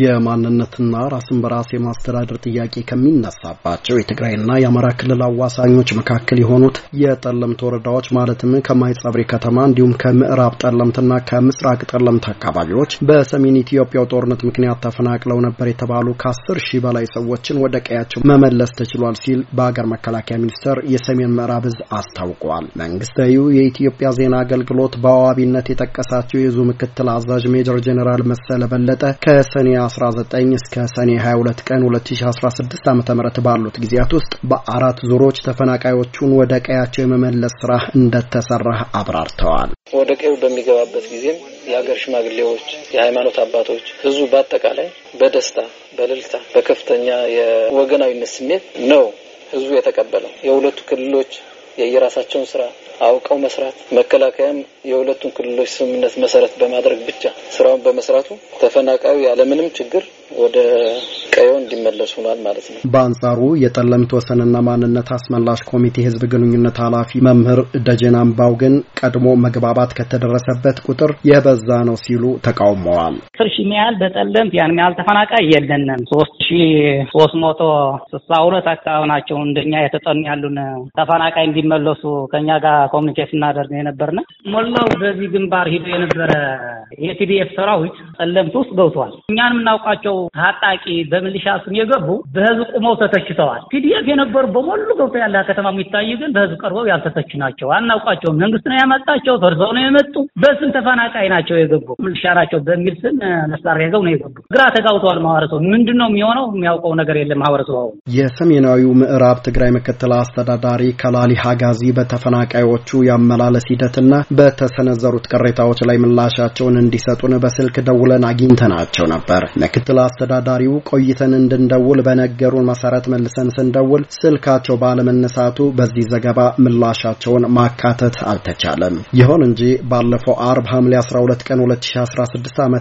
የማንነትና ራስን በራስ የማስተዳደር ጥያቄ ከሚነሳባቸው የትግራይና የአማራ ክልል አዋሳኞች መካከል የሆኑት የጠለምት ወረዳዎች ማለትም ከማይጸብሪ ከተማ እንዲሁም ከምዕራብ ጠለምትና ከምስራቅ ጠለምት አካባቢዎች በሰሜን ኢትዮጵያው ጦርነት ምክንያት ተፈናቅለው ነበር የተባሉ ከአስር ሺህ በላይ ሰዎችን ወደ ቀያቸው መመለስ ተችሏል ሲል በሀገር መከላከያ ሚኒስቴር የሰሜን ምዕራብ እዝ አስታውቋል። መንግስታዊው የኢትዮጵያ ዜና አገልግሎት በአዋቢነት የጠቀሳቸው የዙ ምክትል አዛዥ ሜጀር ጄኔራል መሰለ በለጠ ከሰኔ 19 እስከ ሰኔ 22 ቀን 2016 ዓ ም ባሉት ጊዜያት ውስጥ በአራት ዙሮች ተፈናቃዮቹን ወደ ቀያቸው የመመለስ ስራ እንደተሰራ አብራርተዋል። ወደ ቀዩ በሚገባበት ጊዜም የሀገር ሽማግሌዎች፣ የሃይማኖት አባቶች፣ ህዝቡ በአጠቃላይ በደስታ በልልታ በከፍተኛ የወገናዊነት ስሜት ነው ህዝቡ የተቀበለው። የሁለቱ ክልሎች የየራሳቸውን ስራ አውቀው መስራት፣ መከላከያም የሁለቱን ክልሎች ስምምነት መሰረት በማድረግ ብቻ ስራውን በመስራቱ ተፈናቃዩ ያለምንም ችግር ወደ ቀየው እንዲመለሱ ሆኗል ማለት ነው። በአንጻሩ የጠለምት ወሰንና ማንነት አስመላሽ ኮሚቴ ህዝብ ግንኙነት ኃላፊ መምህር ደጀን አምባው ግን ቀድሞ መግባባት ከተደረሰበት ቁጥር የበዛ ነው ሲሉ ተቃውመዋል። አስር ሺህ ሚያህል በጠለምት ያን ያህል ተፈናቃይ የለንም። ሶስት ሺ ሶስት መቶ ስልሳ ሁለት አካባቢ ናቸው እንደኛ የተጠኑ ያሉን ተፈናቃይ እንዲመለሱ ከኛ ጋር ኮሚኒኬት እናደርግ የነበርና ሞላው በዚህ ግንባር ሂዶ የነበረ የቲዲኤፍ ሰራዊት ጠለምት ውስጥ ገብቷል። እኛን የምናውቃቸው ታጣቂ በሚሊሻ ስም የገቡ በህዝብ ቁመው ተተችተዋል። ቲዲኤፍ የነበሩ በሞሉ ገብቶ ያለ ከተማ የሚታይ ግን በህዝብ ቀርበው ያልተተች ናቸው። አናውቃቸውም። መንግስት ነው ያመጣቸው። ፈርሰው ነው የመጡ። በስም ተፈናቃይ ናቸው የገቡ ሚሊሻ ናቸው በሚል ስም መሳሪያ ይዘው ነው የገቡ። ግራ ተጋብተዋል ማህበረሰቡ። ምንድን ነው የሚሆነው? የሚያውቀው ነገር የለም ማህበረሰቡ። የሰሜናዊው ምዕራብ ትግራይ ምክትል አስተዳዳሪ ከላሊ ሀጋዚ በተፈናቃዮቹ ያመላለስ ሂደትና በተሰነዘሩት ቅሬታዎች ላይ ምላሻቸውን አስተያየታቸውን እንዲሰጡን በስልክ ደውለን አግኝተናቸው ነበር። ምክትል አስተዳዳሪው ቆይተን እንድንደውል በነገሩን መሰረት መልሰን ስንደውል ስልካቸው ባለመነሳቱ በዚህ ዘገባ ምላሻቸውን ማካተት አልተቻለም። ይሁን እንጂ ባለፈው አርብ ሐምሌ 12 ቀን 2016 ዓ ም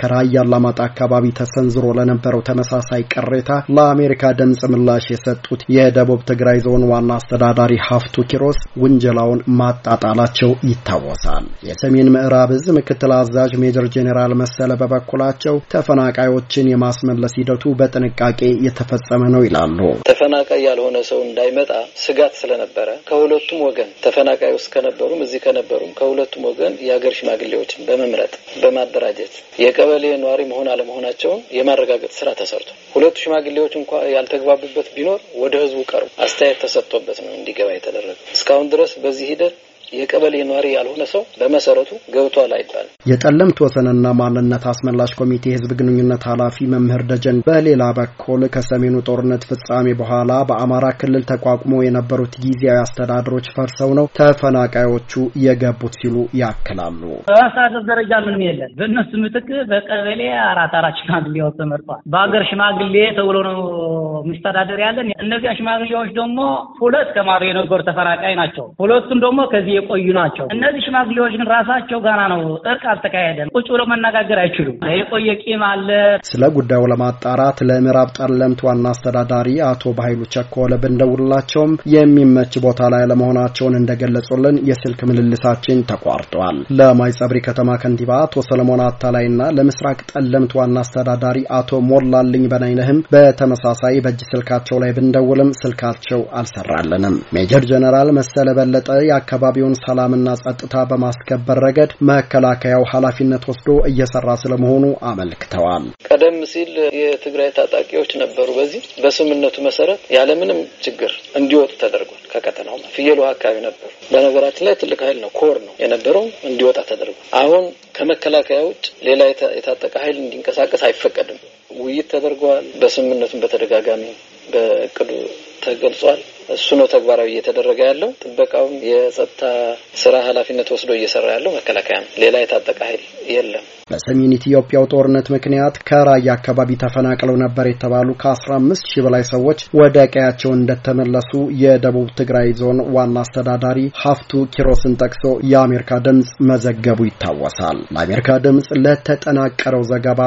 ከራያ አላማጣ አካባቢ ተሰንዝሮ ለነበረው ተመሳሳይ ቅሬታ ለአሜሪካ ድምፅ ምላሽ የሰጡት የደቡብ ትግራይ ዞን ዋና አስተዳዳሪ ሀፍቱ ኪሮስ ውንጀላውን ማጣጣላቸው ይታወሳል። የሰሜን ምዕራብ እዝ ምክትል አዛዥ ሜጀር ጄኔራል መሰለ በበኩላቸው ተፈናቃዮችን የማስመለስ ሂደቱ በጥንቃቄ የተፈጸመ ነው ይላሉ። ተፈናቃይ ያልሆነ ሰው እንዳይመጣ ስጋት ስለነበረ ከሁለቱም ወገን ተፈናቃይ ውስጥ ከነበሩም እዚህ ከነበሩም ከሁለቱም ወገን የሀገር ሽማግሌዎችን በመምረጥ በማደራጀት የቀበሌ ነዋሪ መሆን አለመሆናቸውን የማረጋገጥ ስራ ተሰርቶ ሁለቱ ሽማግሌዎች እንኳ ያልተግባቡበት ቢኖር ወደ ህዝቡ ቀርቡ አስተያየት ተሰጥቶበት ነው እንዲገባ የተደረገ። እስካሁን ድረስ በዚህ ሂደት የቀበሌ ኗሪ ያልሆነ ሰው በመሰረቱ ገብቷል አይባል። የጠለምት ወሰንና ማንነት አስመላሽ ኮሚቴ የህዝብ ግንኙነት ኃላፊ መምህር ደጀን በሌላ በኩል ከሰሜኑ ጦርነት ፍጻሜ በኋላ በአማራ ክልል ተቋቁሞ የነበሩት ጊዜያዊ አስተዳደሮች ፈርሰው ነው ተፈናቃዮቹ የገቡት ሲሉ ያክላሉ። በአስተዳደር ደረጃ ምንም የለም። በእነሱ ምትክ በቀበሌ አራት አራት ሽማግሌዎች ተመርጧል። በሀገር ሽማግሌ ተብሎ ነው የሚስተዳደር ያለን። እነዚያ ሽማግሌዎች ደግሞ ሁለት ከማዶ የነበሩ ተፈናቃይ ናቸው። ሁለቱም ደግሞ ከዚህ የቆዩ ናቸው። እነዚህ ሽማግሌዎች ግን ራሳቸው ገና ነው እርቅ አልተካሄደም። ቁጭ ብሎ መነጋገር አይችሉም። የቆየ ቂም አለ። ስለ ጉዳዩ ለማጣራት ለምዕራብ ጠለምት ዋና አስተዳዳሪ አቶ በኃይሉ ቸኮለ ብንደውላቸውም የሚመች ቦታ ላይ ለመሆናቸውን እንደገለጹልን የስልክ ምልልሳችን ተቋርጧል። ለማይጸብሪ ከተማ ከንቲባ አቶ ሰለሞን አታላይና ለምስራቅ ጠለምት ዋና አስተዳዳሪ አቶ ሞላልኝ በናይነህም በተመሳሳይ በእጅ ስልካቸው ላይ ብንደውልም ስልካቸው አልሰራልንም። ሜጀር ጀነራል መሰለ በለጠ የአካባቢውን የአካባቢውን ሰላምና ጸጥታ በማስከበር ረገድ መከላከያው ኃላፊነት ወስዶ እየሰራ ስለመሆኑ አመልክተዋል። ቀደም ሲል የትግራይ ታጣቂዎች ነበሩ። በዚህ በስምምነቱ መሰረት ያለምንም ችግር እንዲወጡ ተደርጓል። ከቀጠናው ፍየሉ አካባቢ ነበሩ። በነገራችን ላይ ትልቅ ኃይል ነው፣ ኮር ነው የነበረው እንዲወጣ ተደርጓል። አሁን ከመከላከያ ውጭ ሌላ የታጠቀ ኃይል እንዲንቀሳቀስ አይፈቀድም። ውይይት ተደርገዋል። በስምምነቱም በተደጋጋሚ በእቅዱ ተገልጿል። እሱ ነው ተግባራዊ እየተደረገ ያለው። ጥበቃውም የጸጥታ ስራ ኃላፊነት ወስዶ እየሰራ ያለው መከላከያ ነው። ሌላ የታጠቀ ኃይል የለም። በሰሜን ኢትዮጵያው ጦርነት ምክንያት ከራያ አካባቢ ተፈናቅለው ነበር የተባሉ ከ አምስት ሺህ በላይ ሰዎች ወደ ቀያቸው እንደተመለሱ የደቡብ ትግራይ ዞን ዋና አስተዳዳሪ ሀፍቱ ኪሮስን ጠቅሶ የአሜሪካ ድምፅ መዘገቡ ይታወሳል። ለአሜሪካ ድምፅ ለተጠናቀረው ዘገባ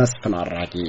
መስፍን አራጊ